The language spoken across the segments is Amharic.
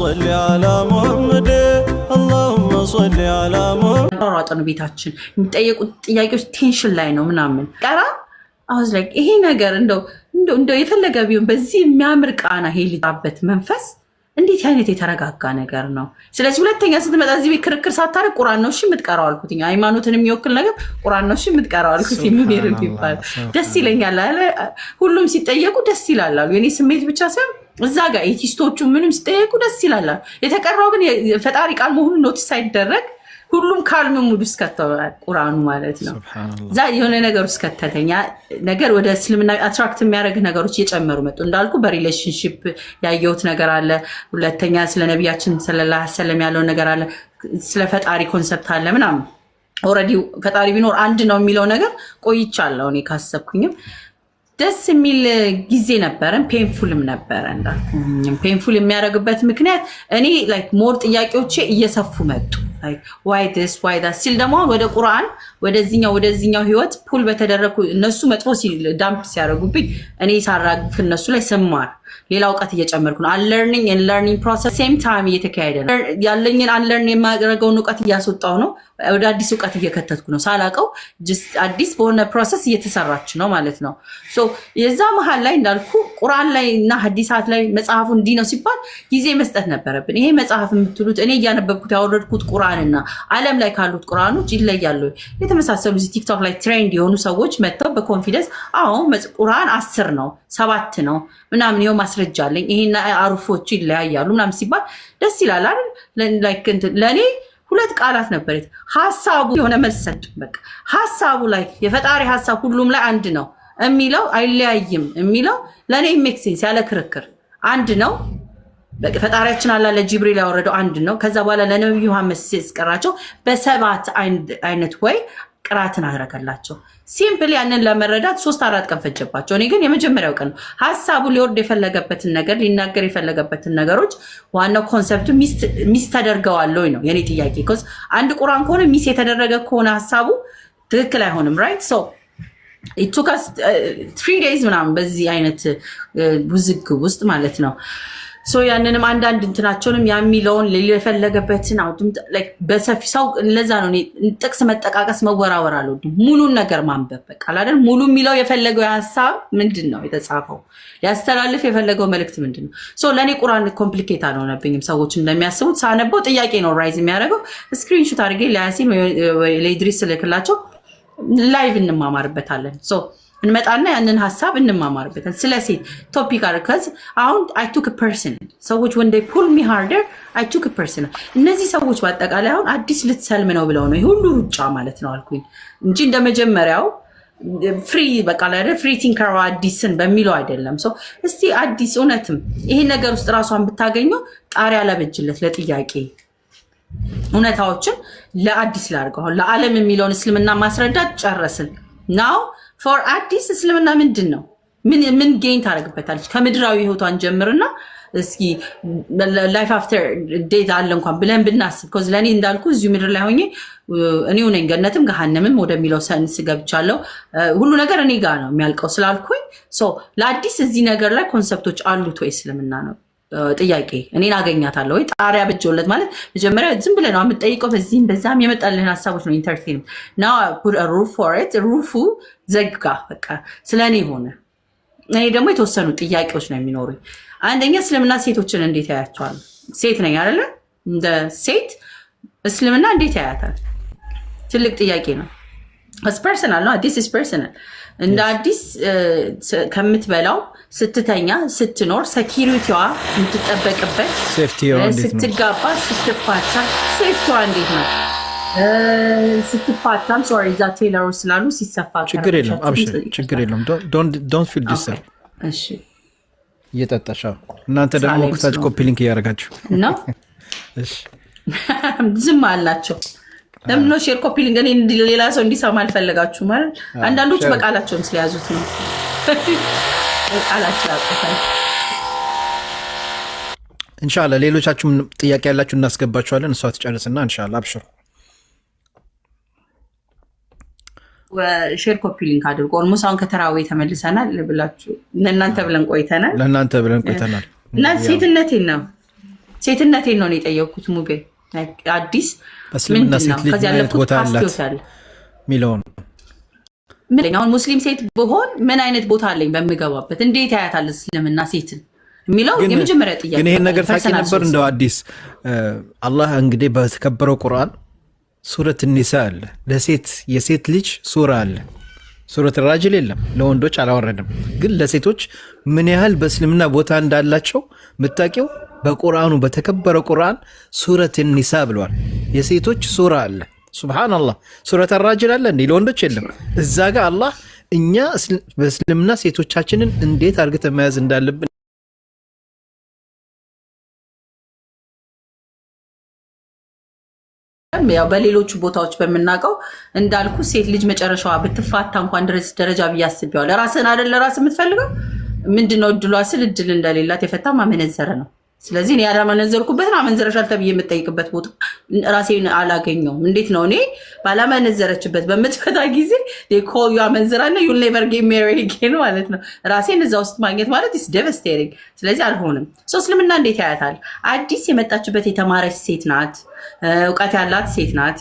ሯሯጥን ቤታችን የሚጠየቁት ጥያቄዎች ቴንሽን ላይ ነው ምናምን ቀራ አሁን ላይ ይሄ ነገር እንደው እንደው የፈለገ ቢሆን በዚህ የሚያምር ቃና ይሄ ልጣበት መንፈስ እንዴት አይነት የተረጋጋ ነገር ነው። ስለዚህ ሁለተኛ ስትመጣ እዚህ ቤት ክርክር ሳታደርግ ቁራን ነው እሺ የምትቀረው አልኩት። ሃይማኖትን የሚወክል ነገር ቁራን ነው እሺ የምትቀረው አልኩት። የሚሄድ ይባል ደስ ይለኛል አለ። ሁሉም ሲጠየቁ ደስ ይላል አሉ። የኔ ስሜት ብቻ ሳይሆን እዛ ጋር የቲስቶቹ ምንም ሲጠየቁ ደስ ይላል። የተቀራው ግን ፈጣሪ ቃል መሆኑ ኖቲስ ሳይደረግ ሁሉም ካልም ሙድ እስከተዋል ቁርአኑ ማለት ነው። እዛ የሆነ ነገር እስከተተኛ ነገር ወደ እስልምና አትራክት የሚያደርግ ነገሮች እየጨመሩ መጡ። እንዳልኩ በሪሌሽንሽፕ ያየሁት ነገር አለ። ሁለተኛ ስለ ነቢያችን ሰለላሁ ዐለይሂ ያለውን ነገር አለ። ስለ ፈጣሪ ኮንሰፕት አለ ምናምን ኦልሬዲ ፈጣሪ ቢኖር አንድ ነው የሚለው ነገር ቆይቻለሁ እኔ ካሰብኩኝም ደስ የሚል ጊዜ ነበረን። ፔንፉልም ነበረ ፔንፉል የሚያደርግበት ምክንያት እኔ ላይክ ሞር ጥያቄዎቼ እየሰፉ መጡ። ዋይ ስ ዋይ ዳት ሲል ደግሞ ወደ ቁርአን ወደዚኛው ወደዚኛው ህይወት ፑል በተደረግኩ እነሱ መጥፎ ዳምፕ ሲያደርጉብኝ እኔ ሳራግፍ እነሱ ላይ ስማር ሌላ እውቀት እየጨመርኩ ነው። አንለርኒንግ ለርኒንግ ፕሮሰስ ሴም ታይም እየተካሄደ ነው። ያለኝን አንለርን የማደርገውን እውቀት እያስወጣው ነው። ወደ አዲስ እውቀት እየከተትኩ ነው። ሳላቀው አዲስ በሆነ ፕሮሰስ እየተሰራች ነው ማለት ነው። የዛ መሀል ላይ እንዳልኩ ቁርአን ላይ እና ሀዲሳት ላይ መጽሐፉ እንዲህ ነው ሲባል ጊዜ መስጠት ነበረብን። ይሄ መጽሐፍ የምትሉት እኔ እያነበብኩት ያወረድኩት ቁርአን ቁርአንና አለም ላይ ካሉት ቁርአኖች ይለያሉ። የተመሳሰሉ እዚህ ቲክቶክ ላይ ትሬንድ የሆኑ ሰዎች መጥተው በኮንፊደንስ አዎ ቁርአን አስር ነው ሰባት ነው ምናምን ይኸው ማስረጃ አለኝ ይሄና አሩፎቹ ይለያያሉ ምናምን ሲባል ደስ ይላል ለእኔ ሁለት ቃላት ነበር ሀሳቡ የሆነ መልስ ሰጡ። በቃ ሀሳቡ ላይ የፈጣሪ ሀሳብ ሁሉም ላይ አንድ ነው የሚለው አይለያይም የሚለው ለእኔ ሜክሴንስ ያለ ክርክር አንድ ነው ፈጣሪያችን አላ ለጅብሪል ያወረደው አንድ ነው። ከዛ በኋላ ለነቢዩ ዮሐንስ ሲቀራቸው በሰባት አይነት ወይ ቅራትን አደረገላቸው። ሲምፕል ያንን ለመረዳት ሶስት አራት ቀን ፈጀባቸው። እኔ ግን የመጀመሪያው ቀን ነው ሀሳቡ ሊወርድ የፈለገበትን ነገር ሊናገር የፈለገበትን ነገሮች ዋናው ኮንሰፕቱ ሚስ ተደርገዋል ነው የኔ ጥያቄ። ኮዝ አንድ ቁራን ከሆነ ሚስ የተደረገ ከሆነ ሀሳቡ ትክክል አይሆንም። ራይት ሶ ኢቱካስ ትሪ ዴይዝ ምናምን በዚህ አይነት uh, ውዝግብ ውስጥ ማለት ነው። ያንንም አንዳንድ እንትናቸውንም የሚለውን የፈለገበትን በሰፊ ሰው ለዛ ነው ጥቅስ መጠቃቀስ መወራወር አልወድም። ሙሉን ነገር ማንበብ በቃ አይደል? ሙሉ የሚለው የፈለገው የሀሳብ ምንድን ነው የተጻፈው ሊያስተላልፍ የፈለገው መልእክት ምንድን ነው? ለእኔ ቁራን ኮምፕሊኬት አልሆነብኝም። ሰዎች እንደሚያስቡት ሳነበው ጥያቄ ነው ራይዝ የሚያደርገው። ስክሪንሹት አድርጌ ለያሲን ለኢድሪስ ስልክላቸው ላይቭ እንማማርበታለን። እንመጣና ያንን ሀሳብ እንማማርበታል። ስለ ሴት ቶፒክ አርከዝ አሁን አይቱክ ፐርሰን ሰዎች ወንደ ፑል ሚ ሃርደር አይቱክ ፐርሰን። እነዚህ ሰዎች በአጠቃላይ አሁን አዲስ ልትሰልም ነው ብለው ነው የሁሉ ሩጫ ማለት ነው አልኩኝ እንጂ እንደ መጀመሪያው ፍሪ በቃ ላይ ፍሪ ቲንከር አዲስን በሚለው አይደለም። ሰው እስቲ አዲስ እውነትም ይሄን ነገር ውስጥ እራሷን ብታገኘው ጣሪያ ላበጅለት ለጥያቄ እውነታዎችን ለአዲስ ላድርገው። ለዓለም የሚለውን እስልምና ማስረዳት ጨረስን ናው ፎር አዲስ እስልምና ምንድን ነው? ምን ጌኝ ታደርግበታለች? ከምድራዊ ህይወቷን ጀምርና እስኪ ላይፍ አፍተር ዴት አለ እንኳን ብለን ብናስብ። ኮዝ ለእኔ እንዳልኩ እዚሁ ምድር ላይ ሆኜ እኔ ነኝ ገነትም ገሃነምም ወደሚለው ሰንስ ገብቻለሁ። ሁሉ ነገር እኔ ጋር ነው የሚያልቀው ስላልኩኝ ለአዲስ እዚህ ነገር ላይ ኮንሰፕቶች አሉት ወይ እስልምና ነው ጥያቄ እኔን አገኛታለሁ ወይ ጣሪያ ብጆለት ማለት መጀመሪያ ዝም ብለህ ነው የምጠይቀው። በዚህም በዛም የመጣልህን ሀሳቦች ነው ኢንተርቴን ና ሩፎሬት ሩፉ ዘጋ በቃ ስለ እኔ ሆነ። እኔ ደግሞ የተወሰኑ ጥያቄዎች ነው የሚኖሩ። አንደኛ እስልምና ሴቶችን እንዴት ያያቸዋል? ሴት ነኝ አይደለ? እንደ ሴት እስልምና እንዴት ያያታል? ትልቅ ጥያቄ ነው። ፐርሰናል ነው። ዲስ ኢዝ ፐርሰናል እንደ አዲስ ከምትበላው ስትተኛ ስትኖር ሰኪሪቲዋ የምትጠበቅበት ስትጋባ ስትፋታ ሴፍቲዋ እንዴት ነው? ስትፋታም ሶሪ እዛ ስላሉ ሲሰፋ ችግር የለም አብሽር፣ ችግር የለም ዶንት ፊል እናንተ ደግሞ ክሳጭ ኮፒ ሊንክ እያደረጋችሁ ነው ዝም አላቸው። ለምን ነው ሼር ኮፒ ልንገ ሌላ ሰው እንዲሰማ አልፈለጋችሁ ማለት? አንዳንዶች በቃላቸውን ስለያዙት ነው። በቃላቸው ያውቁታል። እንሻላ ሌሎቻችሁም ጥያቄ ያላችሁ እናስገባችኋለን። እሷ ትጨርስና እንሻላ አብሽሩ። ሼር ኮፒ ሊንክ አድርጎ ኦልሞስ አሁን ከተራዊ ተመልሰናል ብላችሁ ለእናንተ ብለን ቆይተናል። ለእናንተ ብለን ቆይተናል እና ሴትነቴን ነው ሴትነቴን ነው የጠየኩት ሙቤ አዲስ እስልምና ሴት ልጅ አይነት ቦታ አላት የሚለውን ምን አሁን ሙስሊም ሴት ብሆን ምን አይነት ቦታ አለኝ በምገባበት እንዴት ያያታል እስልምና ሴትን የሚለው የመጀመሪያ ጥያቄ። ግን ይሄን ነገር ታቂ ነበር እንደው አዲስ አላህ እንግዲህ በተከበረው ቁርአን ሱረት ኒሳ አለ፣ ለሴት የሴት ልጅ ሱራ አለ። ሱረት ራጅል የለም፣ ለወንዶች አላወረድም። ግን ለሴቶች ምን ያህል በእስልምና ቦታ እንዳላቸው ምታቂው በቁርአኑ በተከበረ ቁርአን ሱረት ኒሳ ብሏል። የሴቶች ሱራ አለ። ሱብሃነላህ ሱረት አራጅል አለ እንዲ ለወንዶች የለም። እዛ ጋር አላህ እኛ በእስልምና ሴቶቻችንን እንዴት አድርገን መያዝ እንዳለብን ያው በሌሎቹ ቦታዎች በምናውቀው እንዳልኩ ሴት ልጅ መጨረሻዋ ብትፋታ እንኳን ደረጃ ብዬ አስቤዋለሁ። ራስህን አይደል ለራስ የምትፈልገው ምንድነው? እድሏ ስል እድል እንደሌላት የፈታ ማመነዘረ ነው። ስለዚህ እኔ ያላመነዘርኩበትን አመንዘረሻል ተብዬ የምጠይቅበት ቦታ ራሴን አላገኘውም። እንዴት ነው እኔ ባላመነዘረችበት በምትፈታ ጊዜ ያመንዝራና ዩል ኔቨር ጌ ሜሪጌን ማለት ነው። ራሴን እዛ ውስጥ ማግኘት ማለት ስ ደቨስቴሪንግ። ስለዚህ አልሆንም። ሰው እስልምና እንዴት ያያታል? አዲስ የመጣችበት የተማረች ሴት ናት፣ እውቀት ያላት ሴት ናት።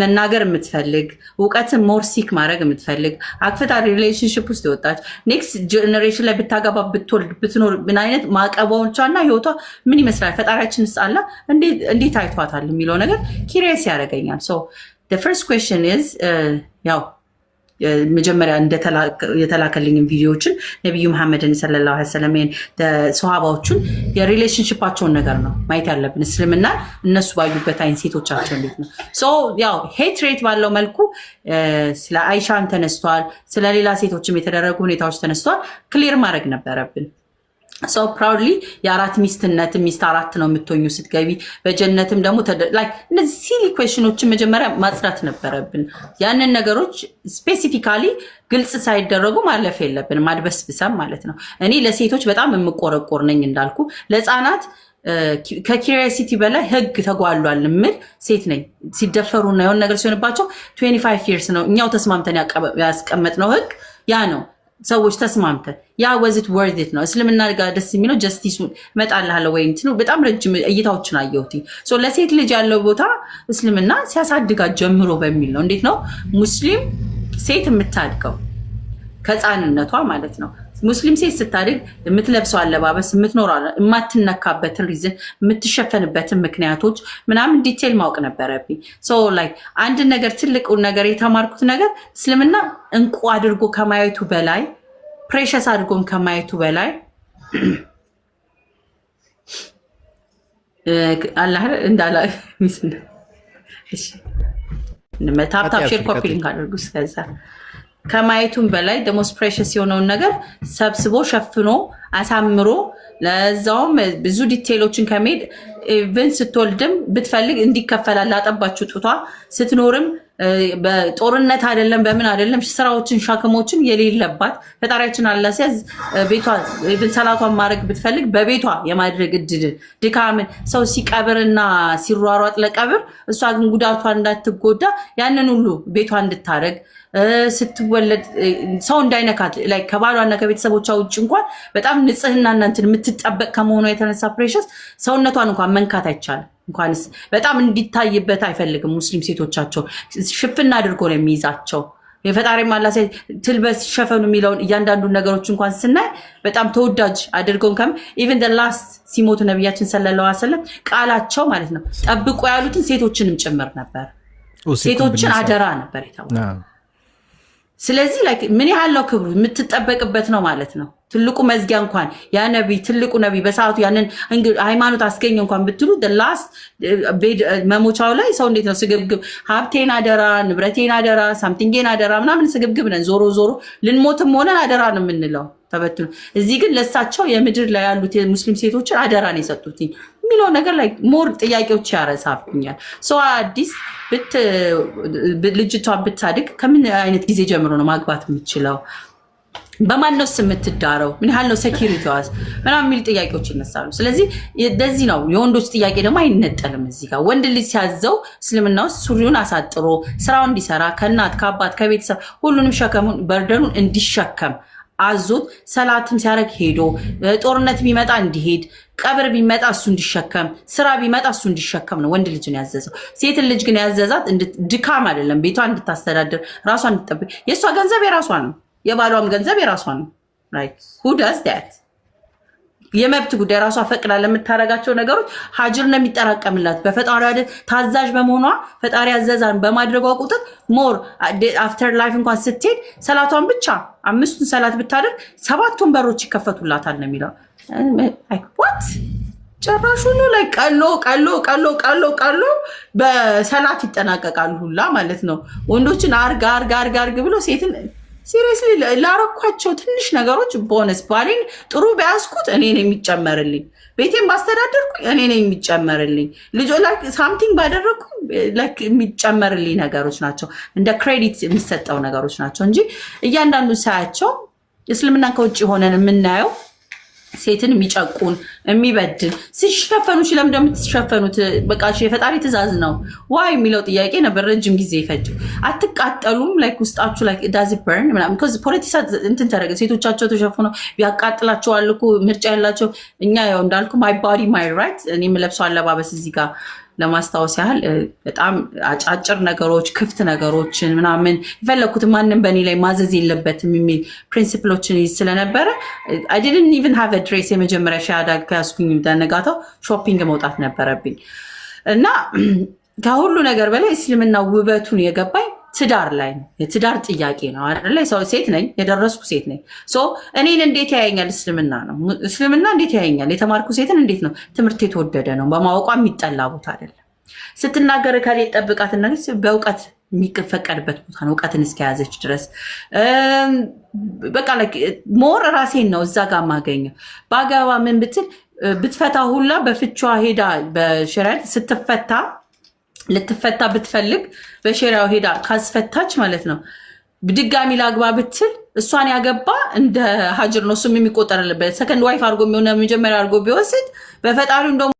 መናገር የምትፈልግ እውቀትን ሞር ሲክ ማድረግ የምትፈልግ አክፍታ ሪሌሽንሽፕ ውስጥ የወጣች ኔክስት ጀኔሬሽን ላይ ብታገባ ብትወልድ ብትኖር ምን አይነት ማዕቀቧዎቿ እና ህይወቷ ምን ይመስላል፣ ፈጣሪያችን ስአላ እንዴት አይቷታል የሚለው ነገር ኪሪየስ ያደርገኛል። ሶ ፈርስት ኩዌስችን ኢዝ ያው መጀመሪያ የተላከልኝም ቪዲዮዎችን ነቢዩ መሐመድን ሰለላሁ ዐለይሂ ወሰለም ሰሃባዎቹን የሪሌሽንሽፓቸውን ነገር ነው ማየት ያለብን። እስልምና እነሱ ባዩበት አይን ሴቶቻቸው እንዴት ነው? ያው ሄትሬት ባለው መልኩ ስለ አይሻን ተነስቷል፣ ስለሌላ ሴቶችም የተደረጉ ሁኔታዎች ተነስቷል። ክሊር ማድረግ ነበረብን። ሰው ፕራውድሊ የአራት ሚስትነት ሚስት አራት ነው የምትኙ ስትገቢ በጀነትም ደግሞ እነዚህ ሲሊ ኩዌሽኖችን መጀመሪያ ማጽዳት ነበረብን። ያንን ነገሮች ስፔሲፊካሊ ግልጽ ሳይደረጉ ማለፍ የለብንም አድበስብሰም ማለት ነው። እኔ ለሴቶች በጣም የምቆረቆር ነኝ እንዳልኩ፣ ለህፃናት ከኪሪሲቲ በላይ ህግ ተጓሏል የምል ሴት ነኝ። ሲደፈሩና የሆነ ነገር ሲሆንባቸው ትዌንቲ ፋይቭ ይርስ ነው እኛው ተስማምተን ያስቀመጥነው ህግ ያ ነው። ሰዎች ተስማምተ ያ ወዝት ወርት ነው። እስልምና ጋር ደስ የሚለው ጀስቲስ እመጣልሃለሁ ወይ እንትኑ በጣም ረጅም እይታዎችን አየሁት። ለሴት ልጅ ያለው ቦታ እስልምና ሲያሳድጋት ጀምሮ በሚል ነው። እንዴት ነው ሙስሊም ሴት የምታድገው ከህፃንነቷ ማለት ነው ሙስሊም ሴት ስታድግ የምትለብሰው አለባበስ፣ የምትኖራ የማትነካበትን ሪዝን፣ የምትሸፈንበትን ምክንያቶች ምናምን ዲቴል ማወቅ ነበረብኝ። ላይ አንድ ነገር ትልቁ ነገር የተማርኩት ነገር እስልምና እንቁ አድርጎ ከማየቱ በላይ ፕሬሸስ አድርጎም ከማየቱ በላይ እንዳላ ከማየቱም በላይ ደሞስ ፕሬሽስ የሆነውን ነገር ሰብስቦ ሸፍኖ አሳምሮ ለዛውም ብዙ ዲቴሎችን ከመሄድ ኢቨን ስትወልድም ብትፈልግ እንዲከፈላል ላጠባችሁ ጡቷ ስትኖርም በጦርነት አይደለም በምን አይደለም ስራዎችን ሸክሞችን የሌለባት ፈጣሪያችን አላ ሲያዝ ቤቷ ሰላቷን ማድረግ ብትፈልግ በቤቷ የማድረግ እድል ድካምን ሰው ሲቀብርና ሲሯሯጥ ለቀብር እሷ ግን ጉዳቷ እንዳትጎዳ ያንን ሁሉ ቤቷ እንድታደረግ ስትወለድ ሰው እንዳይነካት ከባሏና ከቤተሰቦቿ ውጭ እንኳን በጣም ንጽህና እናንትን የምትጠበቅ ከመሆኗ የተነሳ ፕሬሽስ ሰውነቷን እንኳን መንካት አይቻልም። እንኳንስ በጣም እንዲታይበት አይፈልግም። ሙስሊም ሴቶቻቸው ሽፍና አድርጎ ነው የሚይዛቸው። የፈጣሪ ማላሴ ትልበስ ሸፈኑ የሚለውን እያንዳንዱ ነገሮች እንኳን ስናይ በጣም ተወዳጅ አድርገውን ከም ኢቨን ላስት ሲሞቱ ነቢያችን ሰለላሁ ዐለይሂ ቃላቸው ማለት ነው ጠብቆ ያሉትን ሴቶችንም ጭምር ነበር። ሴቶችን አደራ ነበር የተባለው። ስለዚህ ምን ያህል ነው ክብሩ የምትጠበቅበት ነው ማለት ነው። ትልቁ መዝጊያ እንኳን ያ ነቢይ ትልቁ ነቢይ በሰዓቱ ያንን ሃይማኖት አስገኝ እንኳን ብትሉ ላስት uh, uh, መሞቻው ላይ ሰው እንዴት ነው ስግብግብ፣ ሀብቴን አደራ፣ ንብረቴን አደራ፣ ሳምቲንጌን አደራ ምናምን ስግብግብ ነን። ዞሮ ዞሮ ልንሞትም ሆነን አደራ ነው የምንለው ተበትኖ። እዚህ ግን ለሳቸው የምድር ላይ ያሉት የሙስሊም ሴቶችን አደራ ነው የሰጡት። የሚለው ነገር ላይ ሞር ጥያቄዎች ያረሳብኛል። ሰው አዲስ ልጅቷን ብታድግ ከምን አይነት ጊዜ ጀምሮ ነው ማግባት የምችለው? በማን ነው የምትዳረው? ምን ያህል ነው ሴኪሪቲዋስ? ምናምን የሚል ጥያቄዎች ይነሳሉ። ስለዚህ ለዚህ ነው የወንዶች ጥያቄ ደግሞ አይነጠልም። እዚህ ጋር ወንድ ልጅ ሲያዘው እስልምና ውስጥ ሱሪውን አሳጥሮ ስራው እንዲሰራ ከእናት ከአባት ከቤተሰብ ሁሉንም ሸከሙን በርደኑን እንዲሸከም አዞት ሰላትም ሲያደርግ ሄዶ ጦርነት ቢመጣ እንዲሄድ ቀብር ቢመጣ እሱ እንዲሸከም ስራ ቢመጣ እሱ እንዲሸከም ነው ወንድ ልጅ ነው ያዘዘው። ሴትን ልጅ ግን ያዘዛት ድካም አይደለም፣ ቤቷ እንድታስተዳድር ራሷ እንድጠብቅ። የእሷ ገንዘብ የራሷ ነው፣ የባሏም ገንዘብ የራሷ ነው። ሁ ደስ ት የመብት ጉዳይ ራሷ ፈቅዳ ለምታደርጋቸው ነገሮች ሀጅር ነው የሚጠራቀምላት። በፈጣሪ ታዛዥ በመሆኗ ፈጣሪ አዘዛን በማድረጓ ቁጥር ሞር አፍተር ላይፍ እንኳን ስትሄድ ሰላቷን ብቻ አምስቱን ሰላት ብታደርግ ሰባቱን በሮች ይከፈቱላታል ነው የሚለው። ዋት ነው ላይ ቀሎ ቀሎ ቀሎ ቀሎ ቀሎ በሰላት ይጠናቀቃሉ ሁላ ማለት ነው። ወንዶችን አርግ አርግ አርግ አርግ ብሎ ሴትን ሲሪየስሊ ላረኳቸው ትንሽ ነገሮች ቦነስ ባሌን ጥሩ ቢያስኩት እኔ ነው የሚጨመርልኝ፣ ቤቴን ባስተዳደርኩ እኔ ነው የሚጨመርልኝ፣ ልጆ ሳምቲንግ ባደረግኩ የሚጨመርልኝ ነገሮች ናቸው። እንደ ክሬዲት የሚሰጠው ነገሮች ናቸው እንጂ እያንዳንዱ ሳያቸው እስልምና ከውጭ ሆነን የምናየው ሴትን የሚጨቁን የሚበድል ሲሸፈኑ ሽ ለምን እንደምትሸፈኑት በቃ የፈጣሪ ትእዛዝ ነው ዋ የሚለው ጥያቄ ነበር። ረጅም ጊዜ ይፈጅ አትቃጠሉም ላይ ውስጣችሁ ላይ ዳዝ በርን ምናምን ፖለቲሳ እንትን ተደረገ። ሴቶቻቸው ተሸፍነው ያቃጥላቸዋል እኮ ምርጫ ያላቸው እኛ ያው እንዳልኩ ማይ ባዲ ማይ ራይት እኔ የምለብሰው አለባበስ እዚህ ጋር ለማስታወስ ያህል በጣም አጫጭር ነገሮች፣ ክፍት ነገሮችን ምናምን የፈለግኩት ማንም በእኔ ላይ ማዘዝ የለበትም የሚል ፕሪንሲፕሎችን ይዝ ስለነበረ አይድን ኢቨን ሃቭ ድሬስ የመጀመሪያ ሻዳ ከያዝኩኝ ነጋታው ሾፒንግ መውጣት ነበረብኝ እና ከሁሉ ነገር በላይ እስልምና ውበቱን የገባኝ ትዳር ላይ ነው። የትዳር ጥያቄ ነው አይደለ? ሴት ነኝ፣ የደረስኩ ሴት ነኝ። እኔን እንዴት ያየኛል? እስልምና ነው። እስልምና እንዴት ያየኛል? የተማርኩ ሴትን እንዴት ነው? ትምህርት የተወደደ ነው። በማወቋ የሚጠላ ቦታ አይደለም። ስትናገር ከሌ ጠብቃትና በእውቀት የሚፈቀድበት ቦታ ነው። እውቀትን እስከያዘች ድረስ በቃ ሞር ራሴን ነው እዛ ጋር ማገኘው። በአገባ ምን ብትል ብትፈታ ሁላ በፍቿ ሄዳ በሸሪዓት ስትፈታ ልትፈታ ብትፈልግ በሼሪያው ሄዳ ካስፈታች ማለት ነው ድጋሚ ላግባ ብትል እሷን ያገባ እንደ ሀጅር ነው እሱም የሚቆጠርልበት ሰከንድ ዋይፍ አድርጎ የሚሆነ መጀመሪያ አድርጎ ቢወስድ በፈጣሪው እንደ